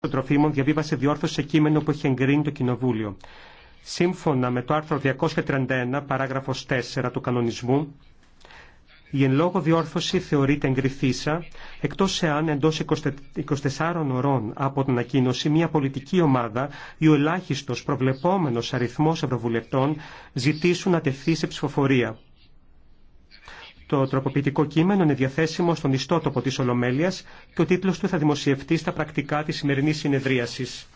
των τροφίμων διαβίβασε διόρθωση σε κείμενο που είχε εγκρίνει το Κοινοβούλιο. Σύμφωνα με το άρθρο 231 παράγραφος 4 του κανονισμού, η εν λόγω διόρθωση θεωρείται εγκριθήσα, εκτός εάν εντός 24 ωρών από την ανακοίνωση μια πολιτική ομάδα ή ο ελάχιστος προβλεπόμενος αριθμός ευρωβουλευτών ζητήσουν να τεθεί σε ψηφοφορία. Το τροποποιητικό κείμενο είναι διαθέσιμο στον ιστότοπο της Ολομέλειας και ο τίτλος του θα δημοσιευτεί στα πρακτικά της σημερινής συνεδρίασης.